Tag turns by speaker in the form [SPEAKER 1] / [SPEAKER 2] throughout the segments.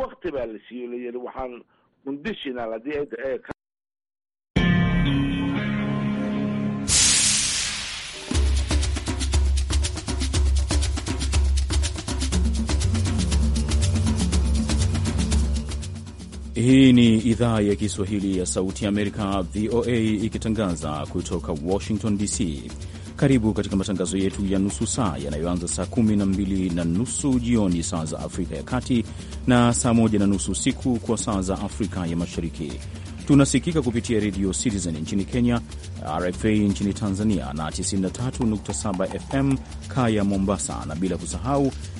[SPEAKER 1] waqti baa la siiyo la yidhi waxaan mundishinaal haddii ay ee eh,
[SPEAKER 2] Hii ni idhaa ya Kiswahili ya Sauti ya Amerika, VOA, ikitangaza kutoka Washington DC. Karibu katika matangazo yetu ya nusu saa yanayoanza saa kumi na mbili na nusu jioni saa za Afrika ya Kati na saa moja na nusu usiku kwa saa za Afrika ya Mashariki. Tunasikika kupitia redio Citizen nchini Kenya, RFA nchini Tanzania na 93.7 FM Kaya Mombasa, na bila kusahau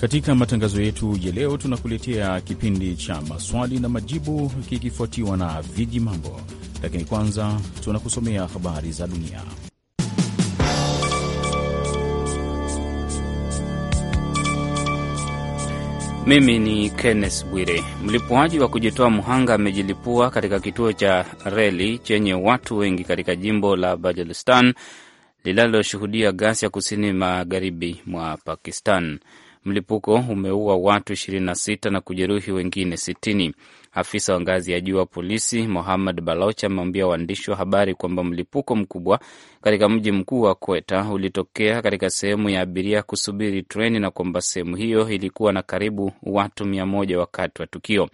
[SPEAKER 2] Katika matangazo yetu ya leo, tunakuletea kipindi cha maswali na majibu kikifuatiwa na viji mambo, lakini kwanza tunakusomea habari za dunia.
[SPEAKER 3] Mimi ni Kenneth Bwire. Mlipuaji wa kujitoa mhanga amejilipua katika kituo cha reli chenye watu wengi katika jimbo la Balochistan linaloshuhudia ghasia kusini magharibi mwa Pakistan. Mlipuko umeua watu 26 na kujeruhi wengine 60. Afisa wa ngazi ya juu wa polisi Mohammad Baloch ameambia waandishi wa habari kwamba mlipuko mkubwa katika mji mkuu wa Kweta ulitokea katika sehemu ya abiria kusubiri treni na kwamba sehemu hiyo ilikuwa na karibu watu 100 wakati wa tukio.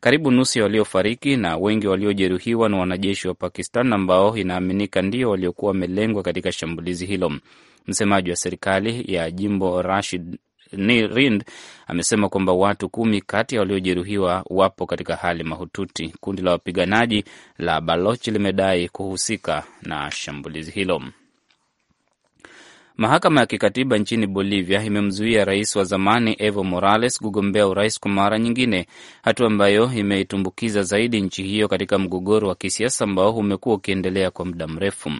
[SPEAKER 3] Karibu nusu ya waliofariki na wengi waliojeruhiwa na wanajeshi wa Pakistan ambao inaaminika ndio waliokuwa wamelengwa katika shambulizi hilo. Msemaji wa serikali ya jimbo Rashid Nirind amesema kwamba watu kumi kati ya waliojeruhiwa wapo katika hali mahututi. Kundi la wapiganaji la Balochi limedai kuhusika na shambulizi hilo. Mahakama ya kikatiba nchini Bolivia imemzuia rais wa zamani Evo Morales kugombea urais kwa mara nyingine, hatua ambayo imeitumbukiza zaidi nchi hiyo katika mgogoro wa kisiasa ambao umekuwa ukiendelea kwa muda mrefu.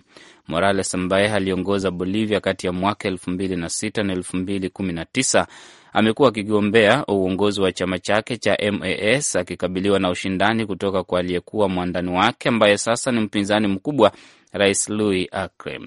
[SPEAKER 3] Morales ambaye aliongoza Bolivia kati ya mwaka elfu mbili na sita na elfu mbili kumi na tisa amekuwa akigombea uongozi wa chama chake cha MAS akikabiliwa na ushindani kutoka kwa aliyekuwa mwandani wake ambaye sasa ni mpinzani mkubwa, Rais Luis Arce.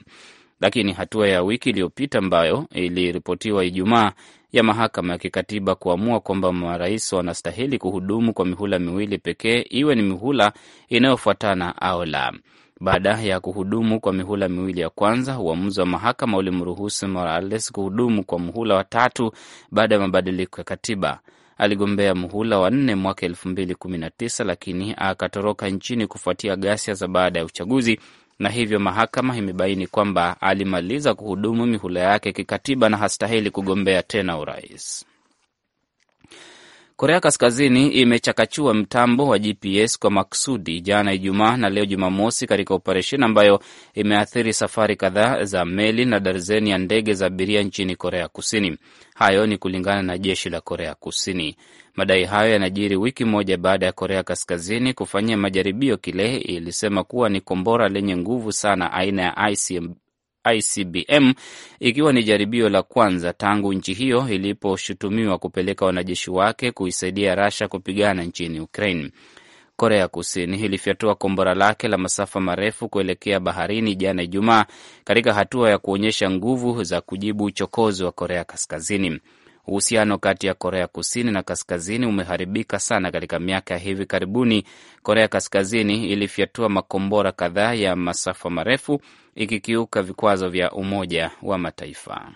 [SPEAKER 3] Lakini hatua ya wiki iliyopita ambayo iliripotiwa Ijumaa ya mahakama ya kikatiba kuamua kwamba marais wanastahili kuhudumu kwa mihula miwili pekee, iwe ni mihula inayofuatana au la. Baada ya kuhudumu kwa mihula miwili ya kwanza, uamuzi wa mahakama ulimruhusu Morales kuhudumu kwa mhula wa tatu baada ya mabadiliko ya katiba. Aligombea mhula wa nne mwaka elfu mbili kumi na tisa lakini akatoroka nchini kufuatia ghasia za baada ya uchaguzi, na hivyo mahakama imebaini kwamba alimaliza kuhudumu mihula yake kikatiba na hastahili kugombea tena urais. Korea Kaskazini imechakachua mtambo wa GPS kwa maksudi jana Ijumaa na leo Jumamosi, katika operesheni ambayo imeathiri safari kadhaa za meli na darzeni ya ndege za abiria nchini Korea Kusini. Hayo ni kulingana na jeshi la Korea Kusini. Madai hayo yanajiri wiki moja baada ya Korea Kaskazini kufanyia majaribio kile ilisema kuwa ni kombora lenye nguvu sana aina ya ICM, ICBM ikiwa ni jaribio la kwanza tangu nchi hiyo iliposhutumiwa kupeleka wanajeshi wake kuisaidia Rasha kupigana nchini Ukraine. Korea Kusini ilifyatua kombora lake la masafa marefu kuelekea baharini jana Ijumaa, katika hatua ya kuonyesha nguvu za kujibu uchokozi wa Korea Kaskazini. Uhusiano kati ya Korea Kusini na Kaskazini umeharibika sana katika miaka ya hivi karibuni. Korea Kaskazini ilifyatua makombora kadhaa ya masafa marefu ikikiuka vikwazo vya Umoja wa Mataifa.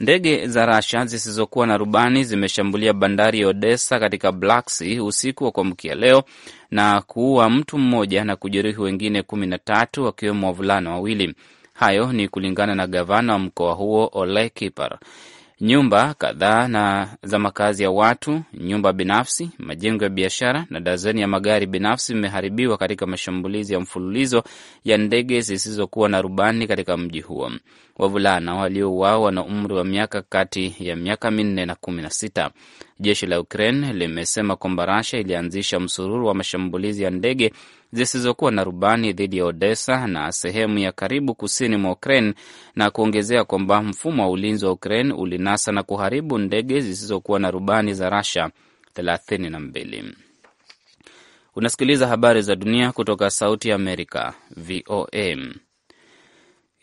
[SPEAKER 3] Ndege za Rasha zisizokuwa na rubani zimeshambulia bandari ya Odessa katika Black Sea usiku wa kuamkia leo na kuua mtu mmoja na kujeruhi wengine kumi na tatu wakiwemo wavulana wawili. Hayo ni kulingana na gavana wa mkoa huo Ole kiper Nyumba kadhaa na za makazi ya watu, nyumba binafsi, majengo ya biashara na dazeni ya magari binafsi vimeharibiwa katika mashambulizi ya mfululizo ya ndege zisizokuwa na rubani katika mji huo. Wavulana waliouawa wana umri wa miaka kati ya miaka minne na kumi na sita. Jeshi la Ukraine limesema kwamba Rasha ilianzisha msururu wa mashambulizi ya ndege zisizokuwa na rubani dhidi ya Odessa na sehemu ya karibu kusini mwa Ukraine na kuongezea kwamba mfumo wa ulinzi wa Ukraine ulinasa na kuharibu ndege zisizokuwa na rubani za Rasha 32. Unasikiliza habari za dunia kutoka Sauti ya Amerika, VOA.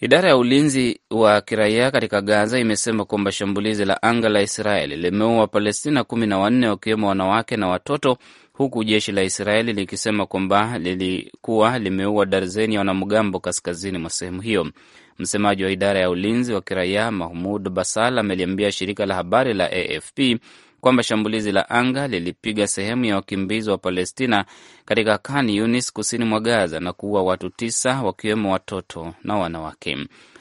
[SPEAKER 3] Idara ya ulinzi wa kiraia katika Gaza imesema kwamba shambulizi la anga la Israeli limeua Palestina kumi na wanne wakiwemo wanawake na watoto, huku jeshi la Israeli likisema kwamba lilikuwa limeua darzeni ya wanamgambo kaskazini mwa sehemu hiyo. Msemaji wa idara ya ulinzi wa kiraia Mahmud Basal ameliambia shirika la habari la AFP kwamba shambulizi la anga lilipiga sehemu ya wakimbizi wa Palestina katika Khan Yunis kusini mwa Gaza na kuua watu tisa wakiwemo watoto na wanawake.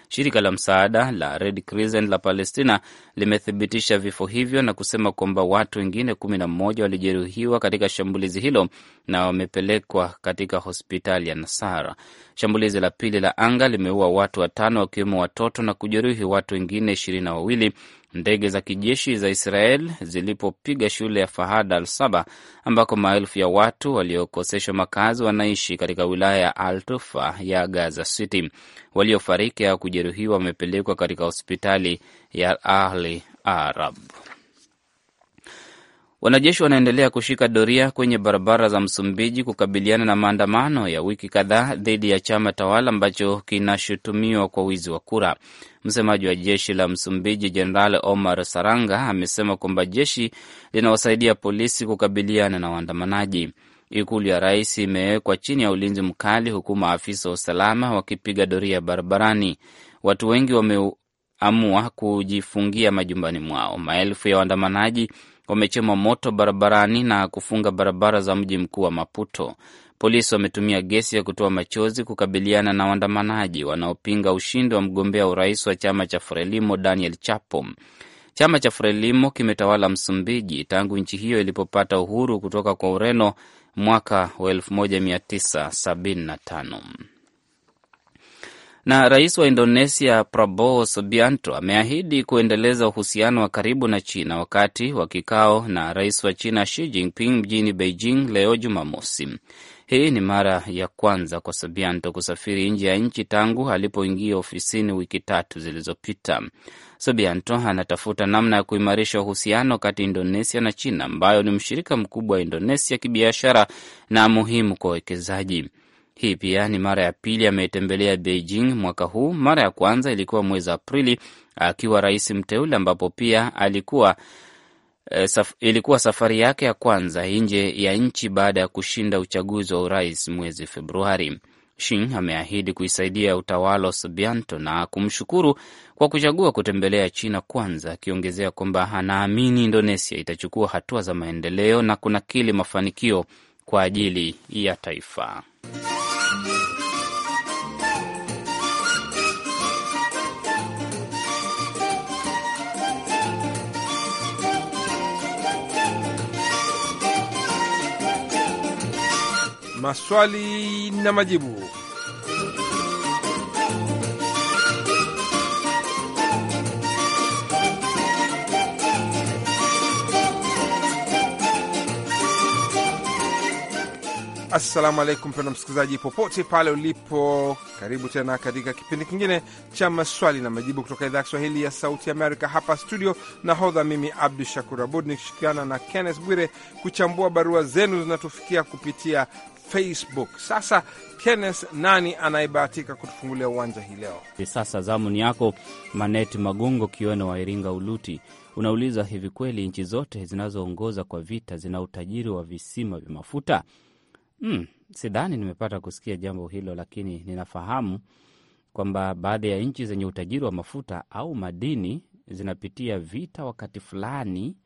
[SPEAKER 3] Shirika la msaada la Red Crescent la Palestina limethibitisha vifo hivyo na kusema kwamba watu wengine kumi na mmoja walijeruhiwa katika shambulizi hilo na wamepelekwa katika hospitali ya Nasara. Shambulizi la pili la anga limeua watu watano wakiwemo watoto na kujeruhi watu wengine ishirini na wawili ndege za kijeshi za Israel zilipopiga shule ya Fahad al Saba ambako maelfu ya watu waliokoseshwa makazi wanaishi katika wilaya ya altufa ya Gaza City. Waliofariki au kujeruhiwa wamepelekwa katika hospitali ya Ahli Arab. Wanajeshi wanaendelea kushika doria kwenye barabara za Msumbiji kukabiliana na maandamano ya wiki kadhaa dhidi ya chama tawala ambacho kinashutumiwa kwa wizi wa kura. Msemaji wa jeshi la Msumbiji Jenerali Omar Saranga amesema kwamba jeshi linawasaidia polisi kukabiliana na waandamanaji. Ikulu ya rais imewekwa chini ya ulinzi mkali, huku maafisa wa usalama wakipiga doria barabarani. Watu wengi wameamua kujifungia majumbani mwao. Maelfu ya waandamanaji wamechoma moto barabarani na kufunga barabara za mji mkuu wa Maputo. Polisi wametumia gesi ya kutoa machozi kukabiliana na waandamanaji wanaopinga ushindi wa mgombea urais wa chama cha Frelimo Daniel Chapo. Chama cha Frelimo kimetawala Msumbiji tangu nchi hiyo ilipopata uhuru kutoka kwa Ureno mwaka wa 1975 na rais wa Indonesia Prabowo Subianto ameahidi kuendeleza uhusiano wa karibu na China wakati wa kikao na rais wa China Xi Jinping mjini Beijing leo Jumamosi. Hii ni mara ya kwanza kwa Subianto kusafiri nje ya nchi tangu alipoingia ofisini wiki tatu zilizopita. Subianto anatafuta namna ya kuimarisha uhusiano kati ya Indonesia na China, ambayo ni mshirika mkubwa wa Indonesia kibiashara na muhimu kwa wawekezaji. Hii pia ni mara ya pili ametembelea Beijing mwaka huu. Mara ya kwanza ilikuwa mwezi Aprili akiwa rais mteule, ambapo pia alikuwa e, saf, ilikuwa safari yake ya kwanza nje ya nchi baada ya kushinda uchaguzi wa urais mwezi Februari. Shin ameahidi kuisaidia utawala wa na kumshukuru kwa kuchagua kutembelea China kwanza, akiongezea kwamba anaamini Indonesia itachukua hatua za maendeleo na kunakili mafanikio kwa ajili ya taifa.
[SPEAKER 1] maswali na majibu. Assalamu alaikum pendo msikilizaji, popote pale ulipo, karibu tena katika kipindi kingine cha maswali na majibu kutoka idhaa ya Kiswahili ya Sauti Amerika hapa studio. Nahodha mimi Abdu Shakur Abud nikishirikiana na Kenneth Bwire kuchambua barua zenu zinatufikia kupitia Facebook. Sasa Kenneth, nani anayebahatika kutufungulia uwanja hii leo?
[SPEAKER 3] E, sasa zamu ni yako, Manet Magongo Kiweno wa Iringa Uluti. Unauliza, hivi kweli nchi zote zinazoongoza kwa vita zina utajiri wa visima vya mafuta? Hmm, sidhani nimepata kusikia jambo hilo, lakini ninafahamu kwamba baadhi ya nchi zenye utajiri wa mafuta au madini zinapitia vita wakati fulani,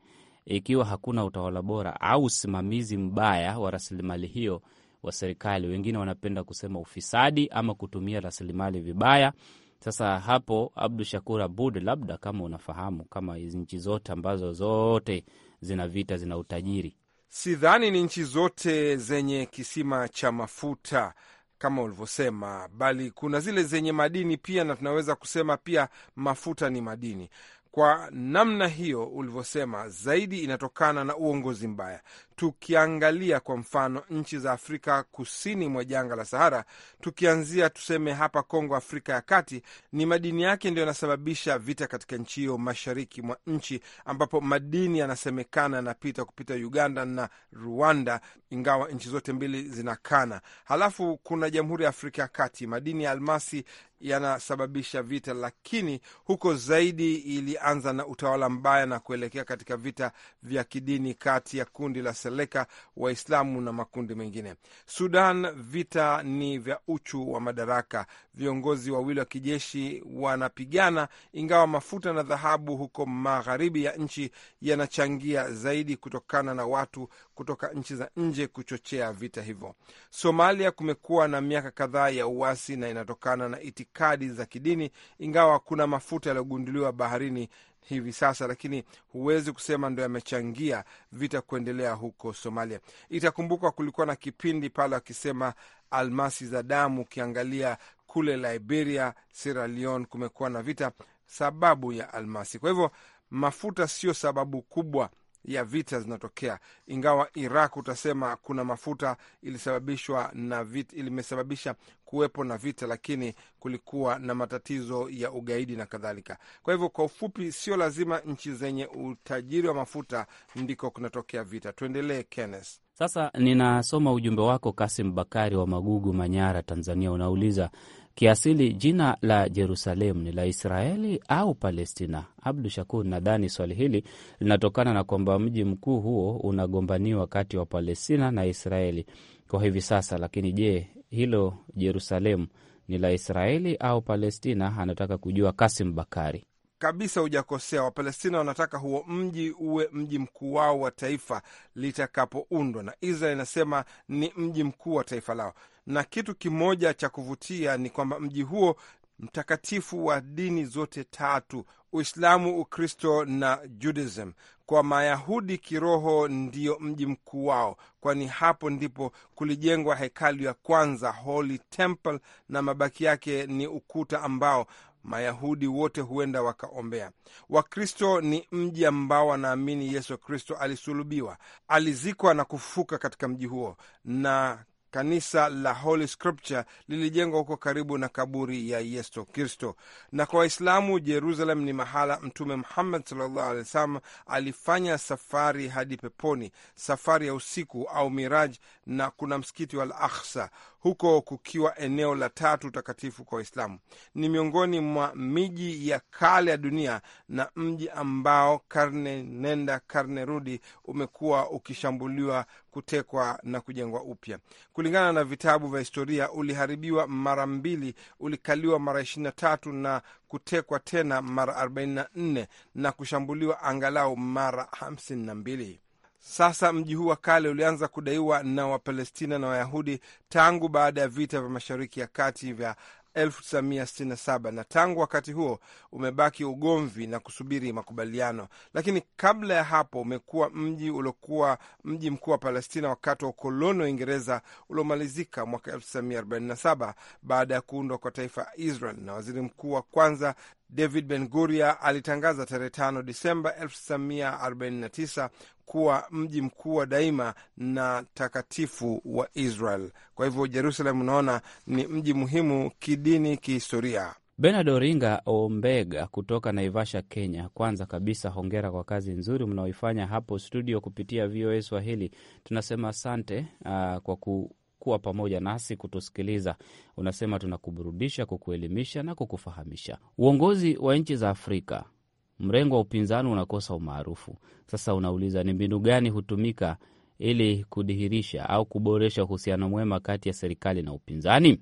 [SPEAKER 3] ikiwa hakuna utawala bora au usimamizi mbaya wa rasilimali hiyo wa serikali. Wengine wanapenda kusema ufisadi ama kutumia rasilimali vibaya. Sasa hapo, Abdu Shakur Abud, labda kama unafahamu, kama nchi zote ambazo zote zina vita zina utajiri,
[SPEAKER 1] sidhani ni nchi zote zenye kisima cha mafuta kama ulivyosema, bali kuna zile zenye madini pia, na tunaweza kusema pia mafuta ni madini. Kwa namna hiyo ulivyosema, zaidi inatokana na uongozi mbaya tukiangalia kwa mfano nchi za Afrika kusini mwa jangwa la Sahara, tukianzia tuseme hapa Kongo, Afrika ya Kati, ni madini yake ndio yanasababisha vita katika nchi hiyo, mashariki mwa nchi ambapo madini yanasemekana yanapita kupita Uganda na Rwanda, ingawa nchi zote mbili zinakana. Halafu kuna Jamhuri ya Afrika ya Kati, madini ya almasi yanasababisha vita, lakini huko zaidi ilianza na utawala mbaya na kuelekea katika vita vya kidini kati ya kundi la kuseleka Waislamu na makundi mengine. Sudan, vita ni vya uchu wa madaraka. Viongozi wawili wa kijeshi wanapigana, ingawa mafuta na dhahabu huko magharibi ya nchi yanachangia zaidi kutokana na watu kutoka nchi za nje kuchochea vita hivyo. Somalia kumekuwa na miaka kadhaa ya uasi na inatokana na itikadi za kidini, ingawa kuna mafuta yaliyogunduliwa baharini hivi sasa, lakini huwezi kusema ndo yamechangia vita kuendelea huko Somalia. Itakumbukwa kulikuwa na kipindi pale wakisema almasi za damu. Ukiangalia kule Liberia, Sierra Leone, kumekuwa na vita sababu ya almasi. Kwa hivyo mafuta sio sababu kubwa ya vita zinatokea, ingawa Iraq utasema kuna mafuta ilisababishwa na vita, ilimesababisha kuwepo na vita, lakini kulikuwa na matatizo ya ugaidi na kadhalika. Kwa hivyo, kwa ufupi, sio lazima nchi zenye utajiri wa mafuta ndiko kunatokea vita. Tuendelee, Kenneth.
[SPEAKER 3] Sasa ninasoma ujumbe wako Kasim Bakari wa Magugu, Manyara, Tanzania. Unauliza, Kiasili jina la Jerusalemu ni la Israeli au Palestina? Abdu Shakur, nadhani swali hili linatokana na kwamba mji mkuu huo unagombaniwa kati wa Palestina na Israeli kwa hivi sasa. Lakini je, hilo Jerusalemu ni la Israeli au Palestina? Anataka kujua Kasim Bakari.
[SPEAKER 1] Kabisa, hujakosea. Wapalestina wanataka huo mji uwe mji mkuu wao wa taifa litakapoundwa, na Israel inasema ni mji mkuu wa taifa lao na kitu kimoja cha kuvutia ni kwamba mji huo mtakatifu wa dini zote tatu, Uislamu, Ukristo na Judaism. Kwa Mayahudi kiroho ndiyo mji mkuu wao, kwani hapo ndipo kulijengwa hekalu ya kwanza, Holy Temple, na mabaki yake ni ukuta ambao Mayahudi wote huenda wakaombea. Wakristo ni mji ambao wanaamini Yesu Kristo alisulubiwa, alizikwa na kufuka katika mji huo, na Kanisa la Holy Scripture lilijengwa huko karibu na kaburi ya Yesu Kristo. Na kwa Waislamu, Jerusalem ni mahala Mtume Muhammad sallallahu alaihi wasallam alifanya safari hadi peponi, safari ya usiku au Miraj, na kuna msikiti wa Al Aksa huko kukiwa eneo la tatu takatifu kwa Waislamu. Ni miongoni mwa miji ya kale ya dunia na mji ambao karne nenda karne rudi umekuwa ukishambuliwa, kutekwa na kujengwa upya. Kulingana na vitabu vya historia, uliharibiwa mara mbili, ulikaliwa mara ishirini na tatu na kutekwa tena mara arobaini na nne na kushambuliwa angalau mara hamsini na mbili. Sasa mji huu wa kale ulianza kudaiwa na Wapalestina na Wayahudi tangu baada ya vita vya Mashariki ya Kati vya 1967 na tangu wakati huo umebaki ugomvi na kusubiri makubaliano, lakini kabla ya hapo umekuwa mji uliokuwa mji mkuu wa Palestina wakati wa ukoloni wa Uingereza uliomalizika mwaka 1947 baada ya kuundwa kwa taifa Israel, na waziri mkuu wa kwanza David Ben Guria alitangaza tarehe 5 Disemba 1949 kuwa mji mkuu wa daima na takatifu wa Israel. Kwa hivyo Jerusalem, unaona ni mji muhimu kidini, kihistoria.
[SPEAKER 3] Benard Oringa Ombega kutoka Naivasha, Kenya. Kwanza kabisa, hongera kwa kazi nzuri mnaoifanya hapo studio kupitia VOA Swahili. Tunasema asante uh, kwa ku kuwa pamoja nasi kutusikiliza. Unasema tunakuburudisha, kukuelimisha na kukufahamisha. Uongozi wa nchi za Afrika, mrengo wa upinzani unakosa umaarufu. Sasa unauliza ni mbinu gani hutumika ili kudihirisha au kuboresha uhusiano mwema kati ya serikali na upinzani?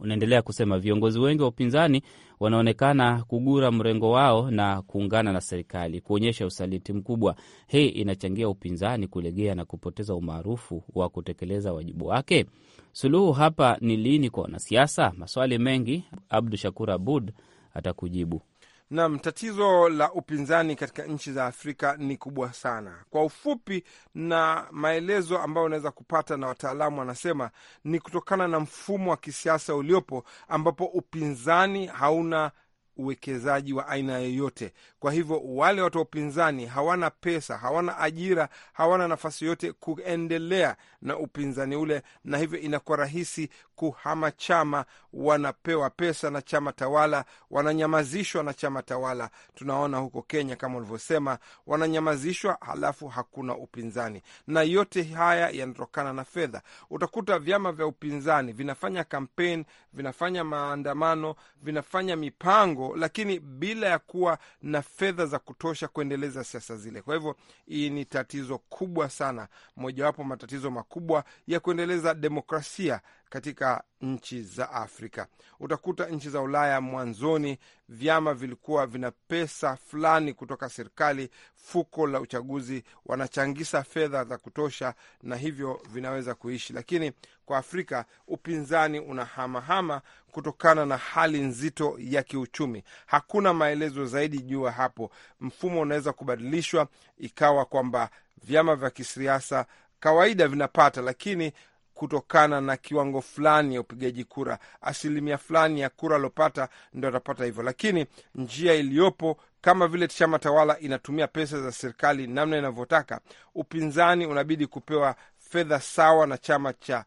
[SPEAKER 3] unaendelea kusema viongozi wengi wa upinzani wanaonekana kugura mrengo wao na kuungana na serikali kuonyesha usaliti mkubwa. Hii inachangia upinzani kulegea na kupoteza umaarufu wa kutekeleza wajibu wake. Suluhu hapa ni lini kwa wanasiasa? Maswali mengi. Abdu Shakur Abud atakujibu.
[SPEAKER 1] Nam, tatizo la upinzani katika nchi za Afrika ni kubwa sana. Kwa ufupi na maelezo ambayo unaweza kupata na wataalamu wanasema ni kutokana na mfumo wa kisiasa uliopo, ambapo upinzani hauna uwekezaji wa aina yoyote. Kwa hivyo wale watu wa upinzani hawana pesa, hawana ajira, hawana nafasi yote kuendelea na upinzani ule, na hivyo inakuwa rahisi kuhama chama. Wanapewa pesa na chama tawala, wananyamazishwa na chama tawala. Tunaona huko Kenya kama ulivyosema, wananyamazishwa halafu hakuna upinzani, na yote haya yanatokana na fedha. Utakuta vyama vya upinzani vinafanya kampeni, vinafanya maandamano, vinafanya mipango, lakini bila ya kuwa na fedha za kutosha kuendeleza siasa zile. Kwa hivyo hii ni tatizo kubwa sana, mojawapo matatizo makubwa ya kuendeleza demokrasia katika nchi za Afrika. Utakuta nchi za Ulaya mwanzoni vyama vilikuwa vina pesa fulani kutoka serikali, fuko la uchaguzi, wanachangisa fedha za kutosha, na hivyo vinaweza kuishi. Lakini kwa Afrika upinzani unahamahama kutokana na hali nzito ya kiuchumi. Hakuna maelezo zaidi juu ya hapo. Mfumo unaweza kubadilishwa ikawa kwamba vyama vya kisiasa kawaida vinapata, lakini kutokana na kiwango fulani ya upigaji kura, asilimia fulani ya kura aliopata ndo atapata hivyo. Lakini njia iliyopo kama vile chama tawala inatumia pesa za serikali namna inavyotaka, upinzani unabidi kupewa fedha sawa na chama cha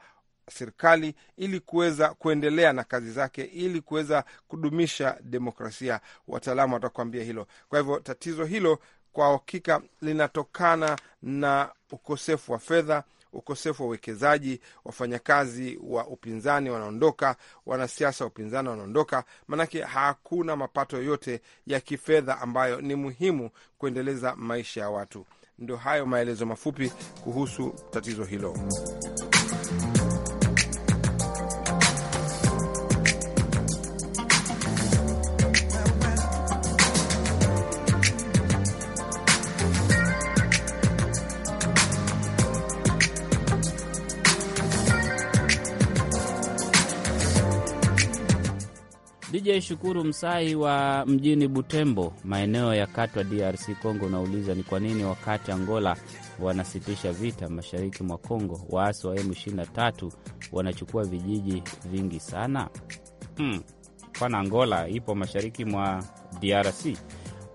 [SPEAKER 1] serikali ili kuweza kuendelea na kazi zake, ili kuweza kudumisha demokrasia. Wataalamu watakuambia hilo. Kwa hivyo tatizo hilo kwa hakika linatokana na ukosefu wa fedha ukosefu wa uwekezaji, wafanyakazi wa upinzani wanaondoka, wanasiasa wa upinzani wanaondoka, maanake hakuna mapato yoyote ya kifedha ambayo ni muhimu kuendeleza maisha ya watu. Ndio hayo maelezo mafupi kuhusu tatizo hilo.
[SPEAKER 3] DJ Shukuru Msai wa mjini Butembo, maeneo ya Katwa, DRC Congo, unauliza ni kwa nini wakati Angola wanasitisha vita mashariki mwa Congo, waasi wa M23 wanachukua vijiji vingi sana? Hmm, kwana Angola ipo mashariki mwa DRC.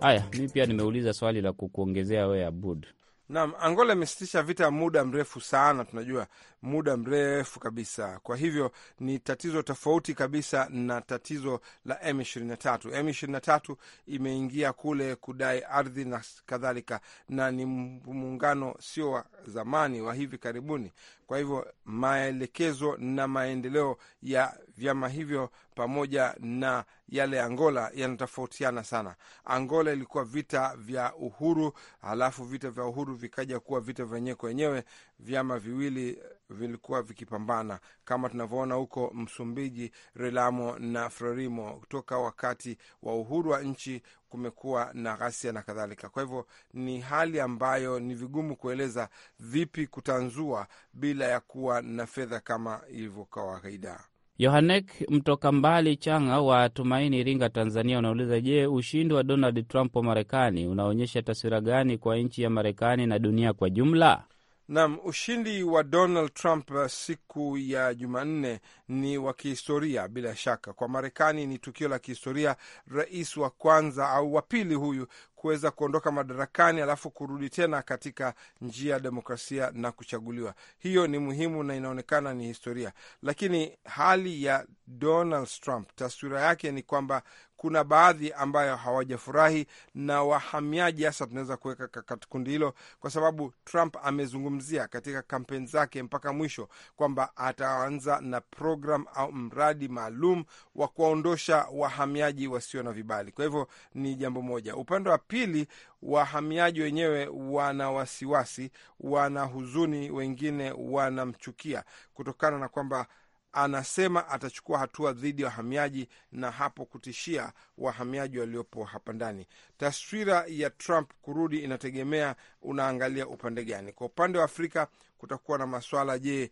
[SPEAKER 3] Haya, mi pia nimeuliza swali la kukuongezea wewe Abud.
[SPEAKER 1] Naam, Angola imesitisha vita muda mrefu sana. Tunajua muda mrefu kabisa. Kwa hivyo ni tatizo tofauti kabisa na tatizo la M23. M23 imeingia kule kudai ardhi na kadhalika, na ni muungano sio wa zamani, wa hivi karibuni. Kwa hivyo maelekezo na maendeleo ya vyama hivyo pamoja na yale Angola yanatofautiana sana. Angola ilikuwa vita vya uhuru, halafu vita vya uhuru vikaja kuwa vita vyenyewe kwa wenyewe, vyama viwili vilikuwa vikipambana kama tunavyoona huko Msumbiji, Relamo na Frelimo. Toka wakati wa uhuru wa nchi kumekuwa na ghasia na kadhalika. Kwa hivyo ni hali ambayo ni vigumu kueleza vipi kutanzua bila ya kuwa na fedha kama ilivyo kawaida.
[SPEAKER 3] Yohanek mtoka mbali Changa wa Tumaini, Iringa, Tanzania, unauliza je, ushindi wa Donald Trump wa Marekani unaonyesha taswira gani kwa nchi ya Marekani na dunia kwa jumla?
[SPEAKER 1] Nam, ushindi wa Donald Trump uh, siku ya Jumanne ni wa kihistoria bila shaka. Kwa Marekani ni tukio la kihistoria, rais wa kwanza au wa pili huyu kuweza kuondoka madarakani alafu kurudi tena katika njia ya demokrasia na kuchaguliwa. Hiyo ni muhimu na inaonekana ni historia, lakini hali ya Donald Trump, taswira yake ni kwamba kuna baadhi ambayo hawajafurahi na wahamiaji, hasa tunaweza kuweka katika kundi hilo, kwa sababu Trump amezungumzia katika kampeni zake mpaka mwisho kwamba ataanza na program au mradi maalum wa kuwaondosha wahamiaji wasio na vibali. Kwa hivyo ni jambo moja. Upande wa pili, wahamiaji wenyewe wana wasiwasi, wana huzuni, wengine wanamchukia kutokana na kwamba anasema atachukua hatua dhidi ya wahamiaji na hapo kutishia wahamiaji waliopo hapa ndani. Taswira ya Trump kurudi inategemea unaangalia upande gani. Kwa upande wa Afrika kutakuwa na maswala, je,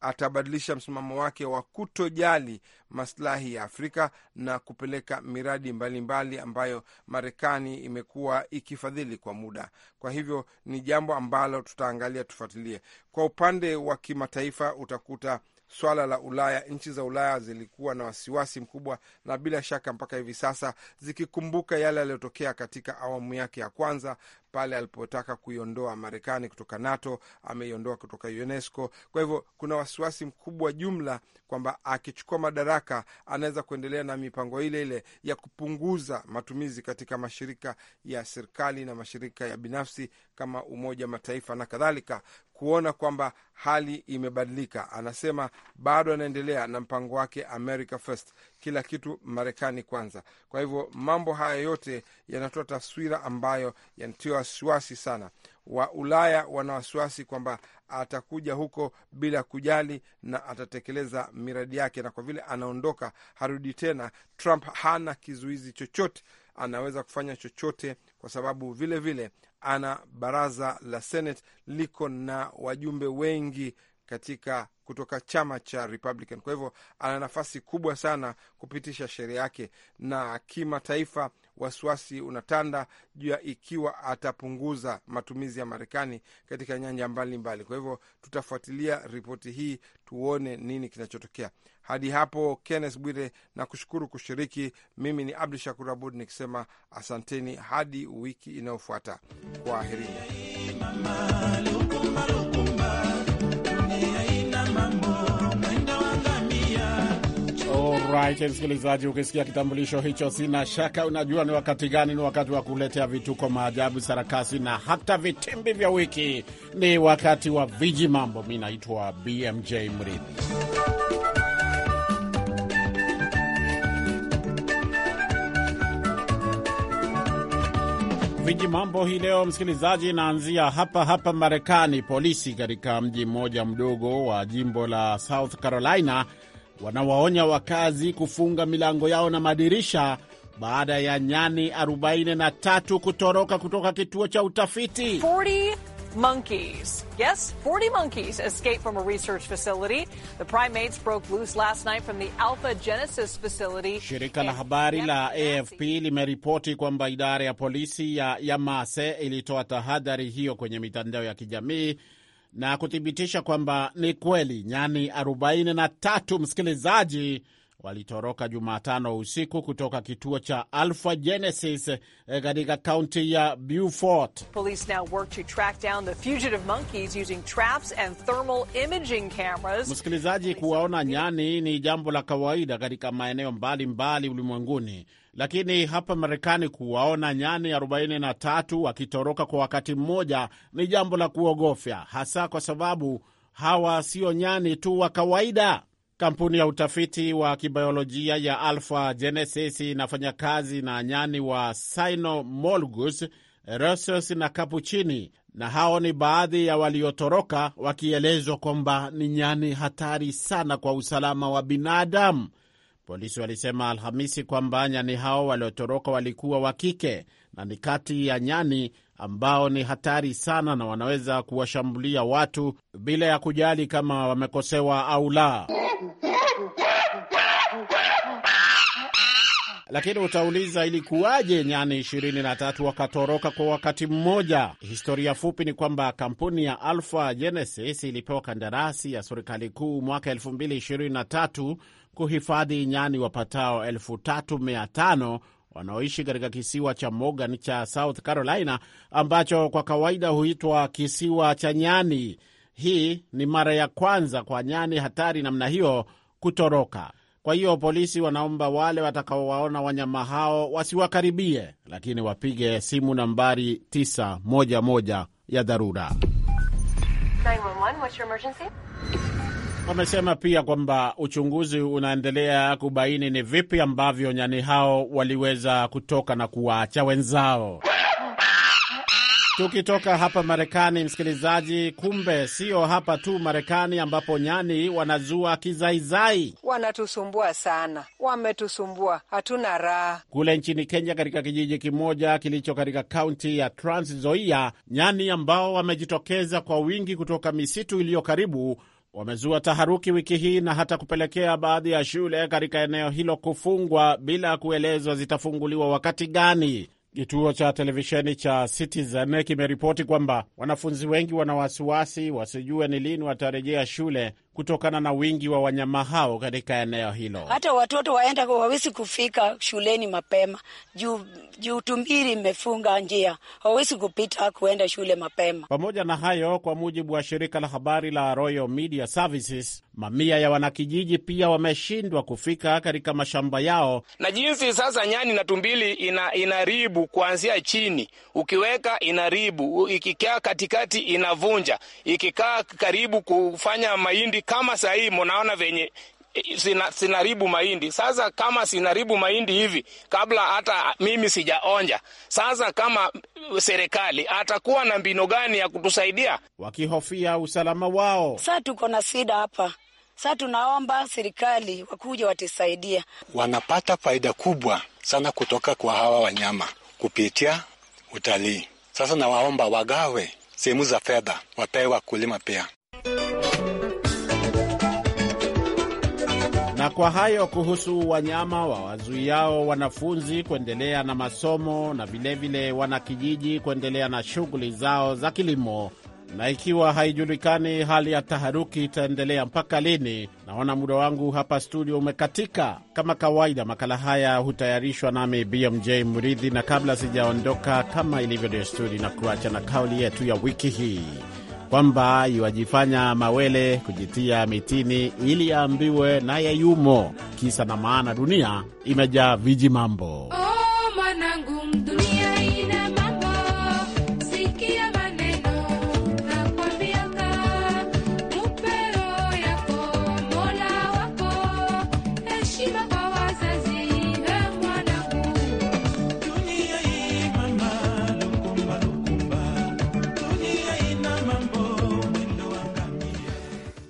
[SPEAKER 1] atabadilisha msimamo wake wa kutojali maslahi ya Afrika na kupeleka miradi mbalimbali mbali ambayo Marekani imekuwa ikifadhili kwa muda. Kwa hivyo ni jambo ambalo tutaangalia, tufuatilie. Kwa upande wa kimataifa utakuta swala la Ulaya, nchi za Ulaya zilikuwa na wasiwasi mkubwa, na bila shaka mpaka hivi sasa zikikumbuka yale yaliyotokea katika awamu yake ya kwanza pale alipotaka kuiondoa Marekani kutoka NATO, ameiondoa kutoka UNESCO. Kwa hivyo kuna wasiwasi mkubwa jumla kwamba akichukua madaraka anaweza kuendelea na mipango ile ile ya kupunguza matumizi katika mashirika ya serikali na mashirika ya binafsi kama Umoja wa Mataifa na kadhalika, kuona kwamba hali imebadilika. Anasema bado anaendelea na mpango wake America First, kila kitu Marekani kwanza. Kwa hivyo mambo haya yote yanatoa taswira ambayo yanatia wasiwasi sana. Wa Ulaya wana wasiwasi kwamba atakuja huko bila kujali na atatekeleza miradi yake, na kwa vile anaondoka harudi tena. Trump hana kizuizi chochote, anaweza kufanya chochote kwa sababu vilevile vile ana baraza la Senate liko na wajumbe wengi katika kutoka chama cha Republican. Kwa hivyo ana nafasi kubwa sana kupitisha sheria yake, na kimataifa wasiwasi unatanda juu ya ikiwa atapunguza matumizi ya Marekani katika nyanja mbalimbali mbali. Kwa hivyo tutafuatilia ripoti hii tuone nini kinachotokea. Hadi hapo, kennes Bwire na kushukuru kushiriki. Mimi ni Abdu Shakur Abud nikisema asanteni hadi wiki inayofuata, kwaherini.
[SPEAKER 4] Mkamiti. Msikilizaji, ukisikia kitambulisho hicho, sina shaka unajua ni wakati gani. Ni wakati wa kuletea vituko, maajabu, sarakasi na hata vitimbi vya wiki. Ni wakati wa viji mambo. Mi naitwa BMJ Mridhi. Viji mambo hii leo, msikilizaji, inaanzia hapa hapa Marekani. Polisi katika mji mmoja mdogo wa jimbo la South Carolina wanawaonya wakazi kufunga milango yao na madirisha baada ya nyani 43 kutoroka kutoka kituo cha utafiti
[SPEAKER 1] 40 Shirika la habari la
[SPEAKER 4] AFP limeripoti kwamba idara ya polisi ya Yamase ilitoa tahadhari hiyo kwenye mitandao ya kijamii na kuthibitisha kwamba ni kweli nyani 43, msikilizaji, walitoroka Jumatano usiku kutoka kituo cha Alpha Genesis eh, katika kaunti ya Beaufort. Msikilizaji, kuwaona nyani ni jambo la kawaida katika maeneo mbalimbali ulimwenguni, lakini hapa Marekani kuwaona nyani 43 wakitoroka kwa wakati mmoja ni jambo la kuogofya, hasa kwa sababu hawa sio nyani tu wa kawaida. Kampuni ya utafiti wa kibiolojia ya Alpha Genesis inafanya kazi na nyani wa Cynomolgus rhesus na kapuchini, na hao ni baadhi ya waliotoroka, wakielezwa kwamba ni nyani hatari sana kwa usalama wa binadamu. Polisi walisema Alhamisi kwamba nyani hao waliotoroka walikuwa wa kike na ni kati ya nyani ambao ni hatari sana na wanaweza kuwashambulia watu bila ya kujali kama wamekosewa au la. Lakini utauliza ilikuwaje nyani 23 wakatoroka kwa wakati mmoja? Historia fupi ni kwamba kampuni ya Alpha Genesis ilipewa kandarasi ya serikali kuu mwaka 2023 kuhifadhi nyani wapatao 3500 wanaoishi katika kisiwa cha Morgan cha South Carolina ambacho kwa kawaida huitwa kisiwa cha nyani. Hii ni mara ya kwanza kwa nyani hatari namna hiyo kutoroka. Kwa hiyo polisi wanaomba wale watakaowaona wanyama hao wasiwakaribie, lakini wapige simu nambari 911 ya dharura
[SPEAKER 2] 911,
[SPEAKER 4] Wamesema pia kwamba uchunguzi unaendelea kubaini ni vipi ambavyo nyani hao waliweza kutoka na kuwaacha wenzao. Tukitoka hapa Marekani, msikilizaji, kumbe sio hapa tu Marekani ambapo nyani wanazua kizaizai. Wanatusumbua sana, wametusumbua, hatuna raha. Kule nchini Kenya, katika kijiji kimoja kilicho katika kaunti ya Trans Nzoia, nyani ambao wamejitokeza kwa wingi kutoka misitu iliyo karibu wamezua taharuki wiki hii na hata kupelekea baadhi ya shule katika eneo hilo kufungwa bila kuelezwa zitafunguliwa wakati gani. Kituo cha televisheni cha Citizen kimeripoti kwamba wanafunzi wengi wana wasiwasi wasijue ni lini watarejea shule, kutokana na wingi wa wanyama hao katika eneo hilo.
[SPEAKER 3] Hata watoto waenda wawezi kufika shuleni mapema juu ju tumbiri imefunga njia, wawezi kupita kuenda shule mapema.
[SPEAKER 4] Pamoja na hayo, kwa mujibu wa shirika la habari la Royal Media Services, mamia ya wanakijiji pia wameshindwa kufika katika mashamba yao,
[SPEAKER 1] na jinsi sasa nyani na tumbili
[SPEAKER 3] ina, inaribu kuanzia chini, ukiweka inaribu, ikikaa katikati
[SPEAKER 1] inavunja, ikikaa karibu kufanya mahindi kama hii mnaona venye eh, sina, sinaribu mahindi sasa. Kama sinaribu mahindi hivi kabla hata
[SPEAKER 3] mimi sijaonja, sasa kama eh, serikali atakuwa na mbinu gani ya kutusaidia?
[SPEAKER 4] Wakihofia usalama wao,
[SPEAKER 3] saa tuko na sida hapa. saa tunaomba serikali wakuja watusaidia.
[SPEAKER 4] Wanapata faida kubwa sana kutoka kwa hawa wanyama kupitia utalii. Sasa nawaomba wagawe sehemu za
[SPEAKER 1] fedha, wapewe wakulima pia.
[SPEAKER 4] kwa hayo kuhusu wanyama wa wazuiao wanafunzi kuendelea na masomo na vilevile wanakijiji kuendelea na shughuli zao za kilimo na ikiwa haijulikani hali ya taharuki itaendelea mpaka lini. Naona muda wangu hapa studio umekatika. Kama kawaida, makala haya hutayarishwa nami BMJ Mridhi, na kabla sijaondoka, kama ilivyo desturi, na kuacha na kauli yetu ya wiki hii kwamba iwajifanya mawele kujitia mitini ili aambiwe naye yumo. Kisa na maana, dunia imejaa viji mambo.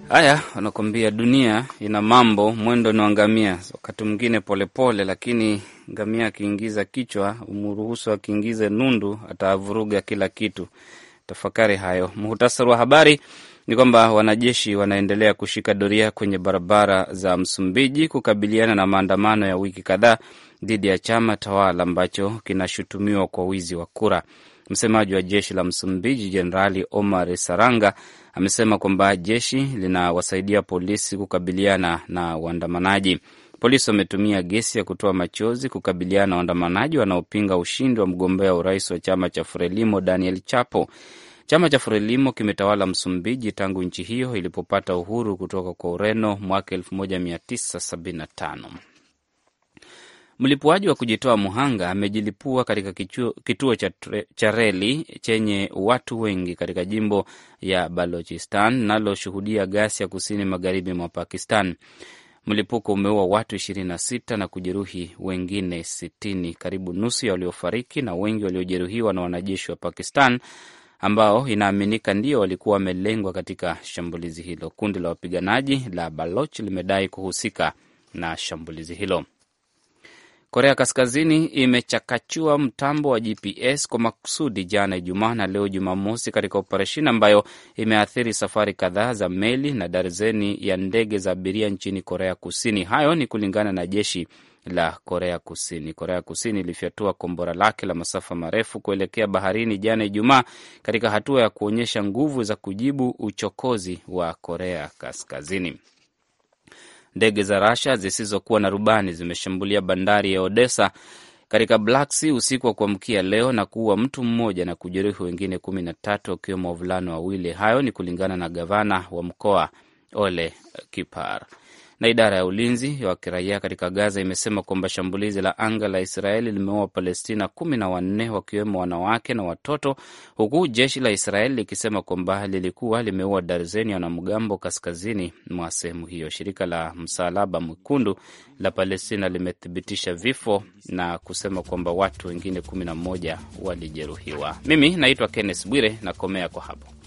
[SPEAKER 3] Haya, wanakuambia dunia ina mambo, mwendo ni wa ngamia, wakati mwingine polepole, lakini ngamia akiingiza kichwa, umruhusu akiingize nundu, atavuruga kila kitu. Tafakari hayo. Muhutasari wa habari ni kwamba wanajeshi wanaendelea kushika doria kwenye barabara za Msumbiji kukabiliana na maandamano ya wiki kadhaa dhidi ya chama tawala ambacho kinashutumiwa kwa wizi wa kura. Msemaji wa jeshi la Msumbiji Jenerali Omar Saranga amesema kwamba jeshi linawasaidia polisi kukabiliana na waandamanaji. Polisi wametumia gesi ya kutoa machozi kukabiliana na waandamanaji wanaopinga ushindi wa mgombea urais wa chama cha Frelimo Daniel Chapo. Chama cha Frelimo kimetawala Msumbiji tangu nchi hiyo ilipopata uhuru kutoka kwa Ureno mwaka 1975. Mlipuaji wa kujitoa muhanga amejilipua katika kichuo, kituo cha, cha reli chenye watu wengi katika jimbo ya Balochistan linaloshuhudia ghasia kusini magharibi mwa Pakistan. Mlipuko umeua watu 26 na kujeruhi wengine 60, karibu nusu ya waliofariki na wengi waliojeruhiwa na wanajeshi wa Pakistan ambao inaaminika ndio walikuwa wamelengwa katika shambulizi hilo. Kundi la wapiganaji la Baloch limedai kuhusika na shambulizi hilo. Korea Kaskazini imechakachua mtambo wa GPS kwa makusudi jana Ijumaa na leo Jumamosi, katika operesheni ambayo imeathiri safari kadhaa za meli na darzeni ya ndege za abiria nchini Korea Kusini. Hayo ni kulingana na jeshi la Korea Kusini. Korea Kusini ilifyatua kombora lake la masafa marefu kuelekea baharini jana Ijumaa, katika hatua ya kuonyesha nguvu za kujibu uchokozi wa Korea Kaskazini. Ndege za Rasha zisizokuwa na rubani zimeshambulia bandari ya Odessa katika Black Sea usiku wa kuamkia leo na kuua mtu mmoja na kujeruhi wengine kumi na tatu wakiwemo wavulana wawili. Hayo ni kulingana na gavana wa mkoa Ole Kipar na idara ya ulinzi wa kiraia katika Gaza imesema kwamba shambulizi la anga la Israeli limeua Wapalestina kumi na wanne wakiwemo wanawake na watoto, huku jeshi la Israeli likisema kwamba lilikuwa limeua darzeni ya wanamgambo kaskazini mwa sehemu hiyo. Shirika la Msalaba Mwekundu la Palestina limethibitisha vifo na kusema kwamba watu wengine kumi na mmoja walijeruhiwa. Mimi naitwa Kenneth Bwire, nakomea kwa hapo.